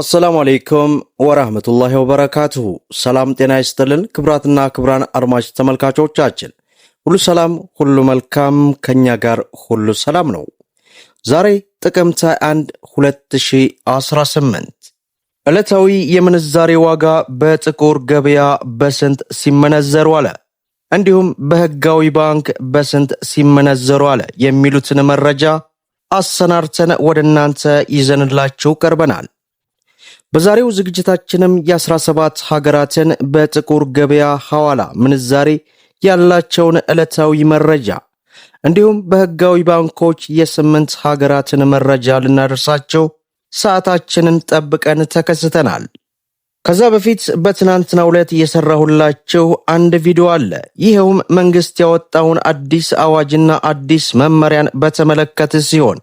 አሰላሙ አሌይኩም ወራህመቱላሂ ወበረካቱሁ። ሰላም ጤና ይስጥልን። ክብራትና ክብራን አድማጭ ተመልካቾቻችን ሁሉ ሰላም፣ ሁሉ መልካም፣ ከእኛ ጋር ሁሉ ሰላም ነው። ዛሬ ጥቅምት 1 2018 ዕለታዊ የምንዛሬ ዋጋ በጥቁር ገበያ በስንት ሲመነዘሩ አለ እንዲሁም በህጋዊ ባንክ በስንት ሲመነዘሩ አለ የሚሉትን መረጃ አሰናርተን ወደ እናንተ ይዘንላችሁ ቀርበናል። በዛሬው ዝግጅታችንም የ17 ሀገራትን በጥቁር ገበያ ሐዋላ ምንዛሬ ያላቸውን ዕለታዊ መረጃ እንዲሁም በሕጋዊ ባንኮች የስምንት ሀገራትን መረጃ ልናደርሳቸው ሰዓታችንን ጠብቀን ተከስተናል። ከዛ በፊት በትናንትናው ዕለት እየሰራሁላችሁ አንድ ቪዲዮ አለ። ይኸውም መንግስት ያወጣውን አዲስ አዋጅና አዲስ መመሪያን በተመለከተ ሲሆን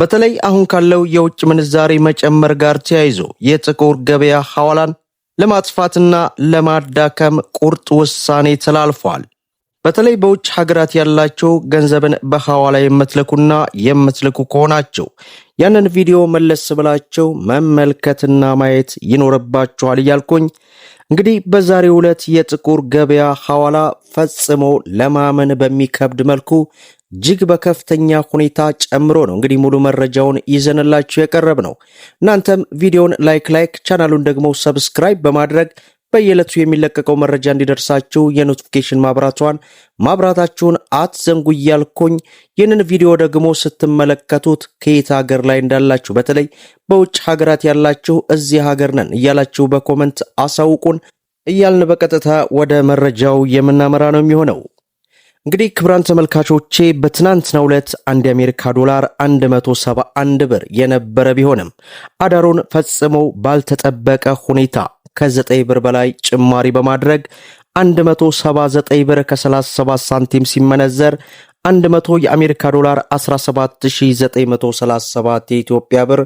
በተለይ አሁን ካለው የውጭ ምንዛሬ መጨመር ጋር ተያይዞ የጥቁር ገበያ ሐዋላን ለማጥፋትና ለማዳከም ቁርጥ ውሳኔ ተላልፏል። በተለይ በውጭ ሀገራት ያላቸው ገንዘብን በሐዋላ የምትልኩና የምትልኩ ከሆናቸው ያንን ቪዲዮ መለስ ብላቸው መመልከትና ማየት ይኖርባችኋል እያልኩኝ እንግዲህ በዛሬው ዕለት የጥቁር ገበያ ሐዋላ ፈጽሞ ለማመን በሚከብድ መልኩ እጅግ በከፍተኛ ሁኔታ ጨምሮ ነው። እንግዲህ ሙሉ መረጃውን ይዘንላችሁ የቀረብ ነው። እናንተም ቪዲዮን ላይክ ላይክ ቻናሉን ደግሞ ሰብስክራይብ በማድረግ በየዕለቱ የሚለቀቀው መረጃ እንዲደርሳችሁ የኖቲፊኬሽን ማብራቷን ማብራታችሁን አትዘንጉ እያልኩኝ ይህንን ቪዲዮ ደግሞ ስትመለከቱት ከየት ሀገር ላይ እንዳላችሁ በተለይ በውጭ ሀገራት ያላችሁ እዚህ ሀገር ነን እያላችሁ በኮመንት አሳውቁን እያልን በቀጥታ ወደ መረጃው የምናመራ ነው የሚሆነው። እንግዲህ ክብራን ተመልካቾቼ በትናንትና ዕለት አንድ የአሜሪካ ዶላር 171 ብር የነበረ ቢሆንም አዳሩን ፈጽሞ ባልተጠበቀ ሁኔታ ከ9 ብር በላይ ጭማሪ በማድረግ 179 ብር ከ37 ሳንቲም ሲመነዘር 100 የአሜሪካ ዶላር 17937 የኢትዮጵያ ብር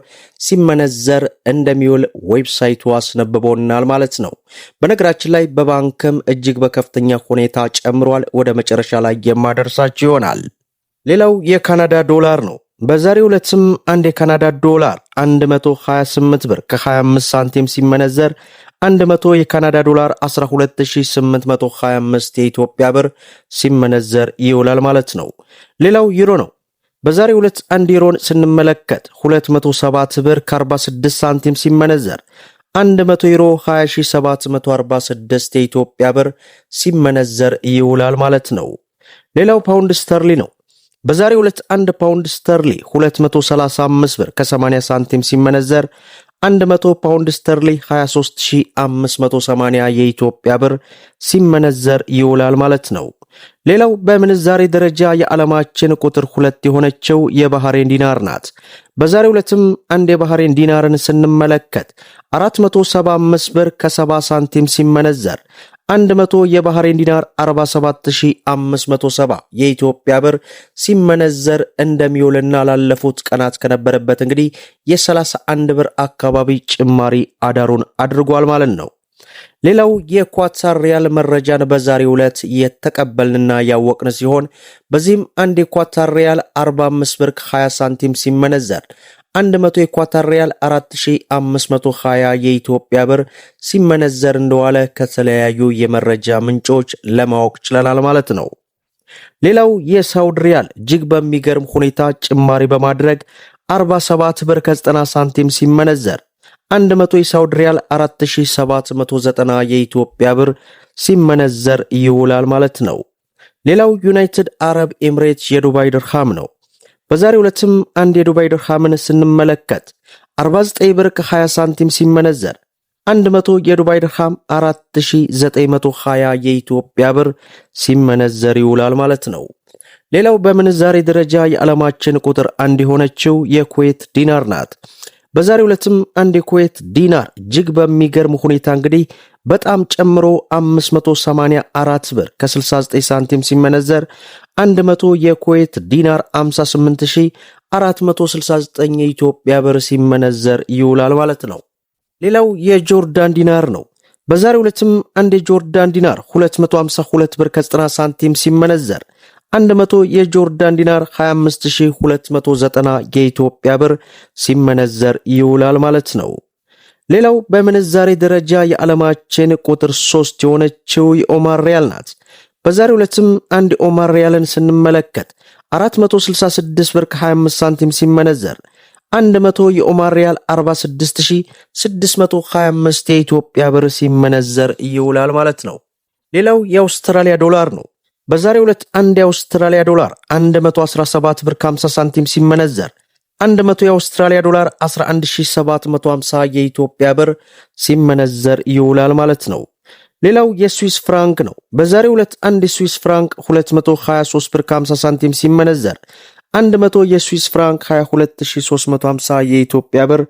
ሲመነዘር እንደሚውል ዌብሳይቱ አስነብቦናል ማለት ነው። በነገራችን ላይ በባንክም እጅግ በከፍተኛ ሁኔታ ጨምሯል። ወደ መጨረሻ ላይ የማደርሳችሁ ይሆናል። ሌላው የካናዳ ዶላር ነው። በዛሬው ዕለትም አንድ የካናዳ ዶላር 128 ብር ከ25 ሳንቲም ሲመነዘር 100 የካናዳ ዶላር 12825 የኢትዮጵያ ብር ሲመነዘር ይውላል ማለት ነው። ሌላው ዩሮ ነው። በዛሬ ሁለት አንድ ዩሮን ስንመለከት 207 ብር ከ46 ሳንቲም ሲመነዘር 100 ዩሮ 20746 የኢትዮጵያ ብር ሲመነዘር ይውላል ማለት ነው። ሌላው ፓውንድ ስተርሊ ነው። በዛሬ ሁለት አንድ ፓውንድ ስተርሊ 235 ብር ከ80 ሳንቲም ሲመነዘር 100 ፓውንድ ስተርሊ 23580 የኢትዮጵያ ብር ሲመነዘር ይውላል ማለት ነው። ሌላው በምንዛሬ ደረጃ የዓለማችን ቁጥር ሁለት የሆነችው የባህሬን ዲናር ናት። በዛሬው ዕለትም አንድ የባህሬን ዲናርን ስንመለከት 475 ብር ከ70 ሳንቲም ሲመነዘር 100 የባህሬን ዲናር 47570 የኢትዮጵያ ብር ሲመነዘር እንደሚውልና ላለፉት ቀናት ከነበረበት እንግዲህ የ31 ብር አካባቢ ጭማሪ አዳሩን አድርጓል ማለት ነው። ሌላው የኳታር ሪያል መረጃን በዛሬ ዕለት የተቀበልንና ያወቅን ሲሆን በዚህም አንድ የኳታር ሪያል 45 ብር 20 ሳንቲም ሲመነዘር 100 የኳታር ሪያል 4520 የኢትዮጵያ ብር ሲመነዘር እንደዋለ ከተለያዩ የመረጃ ምንጮች ለማወቅ ችለናል ማለት ነው። ሌላው የሳውድ ሪያል እጅግ በሚገርም ሁኔታ ጭማሪ በማድረግ 47 ብር ከ90 ሳንቲም ሲመነዘር 100 የሳውድ ሪያል 4790 የኢትዮጵያ ብር ሲመነዘር ይውላል ማለት ነው። ሌላው ዩናይትድ አረብ ኤምሬትስ የዱባይ ድርሃም ነው። በዛሬው ዕለትም አንድ የዱባይ ድርሃምን ስንመለከት 49 ብር ከ20 ሳንቲም ሲመነዘር 100 የዱባይ ድርሃም 4920 የኢትዮጵያ ብር ሲመነዘር ይውላል ማለት ነው። ሌላው በምንዛሬ ደረጃ የዓለማችን ቁጥር አንድ የሆነችው የኩዌት ዲናር ናት። በዛሬው ዕለትም አንድ የኩዌት ዲናር እጅግ በሚገርም ሁኔታ እንግዲህ በጣም ጨምሮ 584 ብር ከ69 ሳንቲም ሲመነዘር 100 የኩዌት ዲናር 58469 የኢትዮጵያ ብር ሲመነዘር ይውላል ማለት ነው። ሌላው የጆርዳን ዲናር ነው። በዛሬው ዕለትም አንድ የጆርዳን ዲናር 252 ብር ከ90 ሳንቲም ሲመነዘር 100 የጆርዳን ዲናር 25290 የኢትዮጵያ ብር ሲመነዘር ይውላል ማለት ነው። ሌላው በምንዛሬ ደረጃ የዓለማችን ቁጥር 3 የሆነችው የኦማር ሪያል ናት። በዛሬው ዕለትም አንድ ኦማር ሪያልን ስንመለከት 466 ብር ከ25 ሳንቲም ሲመነዘር 100 የኦማር ሪያል 46625 የኢትዮጵያ ብር ሲመነዘር ይውላል ማለት ነው። ሌላው የአውስትራሊያ ዶላር ነው። በዛሬ ሁለት አንድ የአውስትራሊያ ዶላር 117 ብር 50 ሳንቲም ሲመነዘር 100 የአውስትራሊያ ዶላር 11750 የኢትዮጵያ ብር ሲመነዘር ይውላል ማለት ነው። ሌላው የስዊስ ፍራንክ ነው። በዛሬ ሁለት አንድ የስዊስ ፍራንክ 223 ብር 50 ሳንቲም ሲመነዘር 100 የስዊስ ፍራንክ 22350 የኢትዮጵያ ብር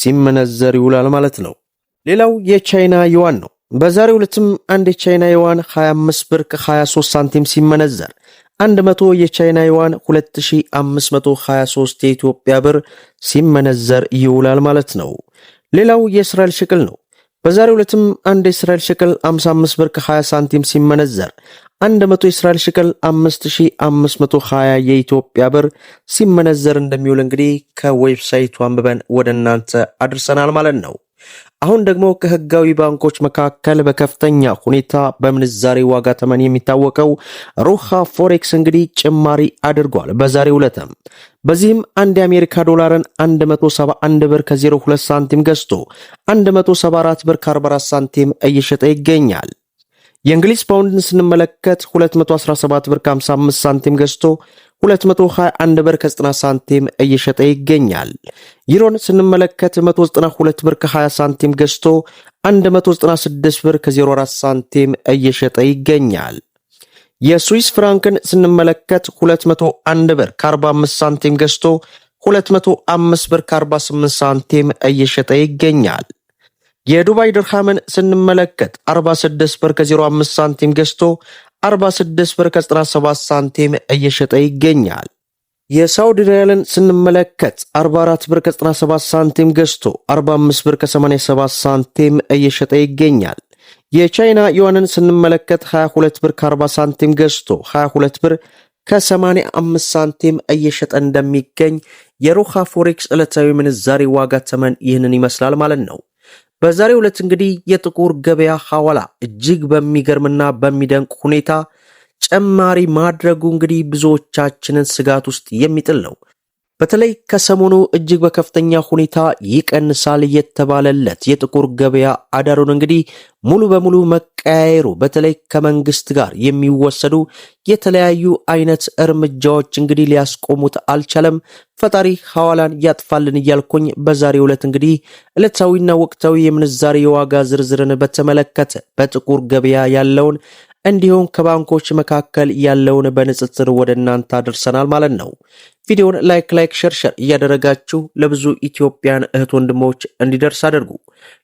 ሲመነዘር ይውላል ማለት ነው። ሌላው የቻይና ዩዋን ነው። በዛሬው ዕለትም አንድ የቻይና ዩዋን 25 ብር ከ23 ሳንቲም ሲመነዘር 100 የቻይና ዩዋን 2523 የኢትዮጵያ ብር ሲመነዘር ይውላል ማለት ነው። ሌላው የእስራኤል ሽቅል ነው። በዛሬው ዕለትም አንድ የእስራኤል ሽቅል 55 ብር ከ20 ሳንቲም ሲመነዘር 100 የእስራኤል ሽቅል 5520 የኢትዮጵያ ብር ሲመነዘር እንደሚውል እንግዲህ ከዌብሳይቱ አንብበን ወደ እናንተ አድርሰናል ማለት ነው። አሁን ደግሞ ከህጋዊ ባንኮች መካከል በከፍተኛ ሁኔታ በምንዛሬ ዋጋ ተመን የሚታወቀው ሩሃ ፎሬክስ እንግዲህ ጭማሪ አድርጓል በዛሬው ዕለትም። በዚህም አንድ የአሜሪካ ዶላርን 171 ብር ከ02 ሳንቲም ገዝቶ 174 ብር ከ44 ሳንቲም እየሸጠ ይገኛል። የእንግሊዝ ፓውንድን ስንመለከት 217 ብር 55 ሳንቲም ገዝቶ 221 ብር ከ90 ሳንቲም እየሸጠ ይገኛል። ዩሮን ስንመለከት 192 ብር ከ20 ሳንቲም ገዝቶ 196 ብር ከ04 ሳንቲም እየሸጠ ይገኛል። የስዊስ ፍራንክን ስንመለከት 201 ብር ከ45 ሳንቲም ገዝቶ 205 ብር ከ48 ሳንቲም እየሸጠ ይገኛል። የዱባይ ድርሃምን ስንመለከት 46 ብር ከ05 ሳንቲም ገዝቶ 46 ብር ከ97 ሳንቲም እየሸጠ ይገኛል። የሳውዲ ሪያልን ስንመለከት 44 ብር ከ97 ሳንቲም ገዝቶ 45 ብር ከ87 ሳንቲም እየሸጠ ይገኛል። የቻይና ዩዋንን ስንመለከት 22 ብር ከ40 ሳንቲም ገዝቶ 22 ብር ከ85 ሳንቲም እየሸጠ እንደሚገኝ የሮሃ ፎሬክስ ዕለታዊ ምንዛሬ ዋጋ ተመን ይህንን ይመስላል ማለት ነው። በዛሬው ዕለት እንግዲህ የጥቁር ገበያ ሐዋላ እጅግ በሚገርምና በሚደንቅ ሁኔታ ጨማሪ ማድረጉ እንግዲህ ብዙዎቻችንን ስጋት ውስጥ የሚጥል ነው። በተለይ ከሰሞኑ እጅግ በከፍተኛ ሁኔታ ይቀንሳል የተባለለት የጥቁር ገበያ አዳሩን እንግዲህ ሙሉ በሙሉ መቀያየሩ በተለይ ከመንግስት ጋር የሚወሰዱ የተለያዩ አይነት እርምጃዎች እንግዲህ ሊያስቆሙት አልቻለም። ፈጣሪ ሐዋላን ያጥፋልን እያልኩኝ በዛሬ ዕለት እንግዲህ ዕለታዊና ወቅታዊ የምንዛሬ የዋጋ ዝርዝርን በተመለከተ በጥቁር ገበያ ያለውን እንዲሁም ከባንኮች መካከል ያለውን በንጽጽር ወደ እናንተ አድርሰናል ማለት ነው። ቪዲዮውን ላይክ ላይክ ሸርሸር እያደረጋችሁ ለብዙ ኢትዮጵያን እህት ወንድሞች እንዲደርስ አድርጉ።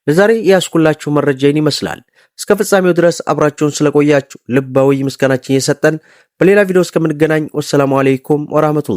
ለዛሬ ያስኩላችሁ መረጃን ይመስላል። እስከ ፍጻሜው ድረስ አብራችሁን ስለቆያችሁ ልባዊ ምስጋናችን እየሰጠን በሌላ ቪዲዮ እስከምንገናኝ ወሰላሙ አሌይኩም ወራህመቱ